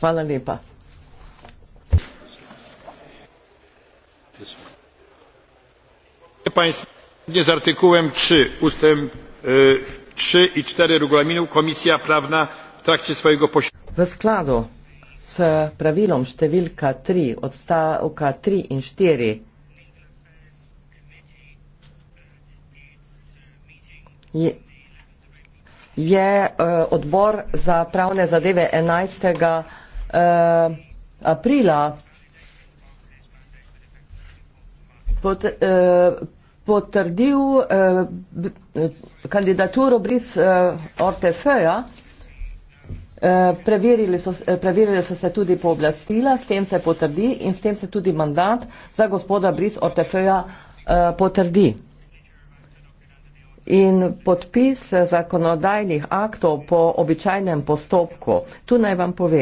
Hvala lepa. Nie z artykułem 3 ustęp 3 i 4 regulaminu Komisja Prawna w trakcie swojego posiedzenia. W składu z prawilą številka 3 odstawka 3 i 4 je eh, odbor za pravne zadeve 11. Eh, aprila eh, potrdil kandidaturo Bris Ortefeja. Preverili so, preverili so se tudi pooblastila, s tem se potrdi in s tem se tudi mandat za gospoda Bris Ortefeja potrdi in podpis zakonodajnih aktov po običajnem postopku. Tu naj vam povem,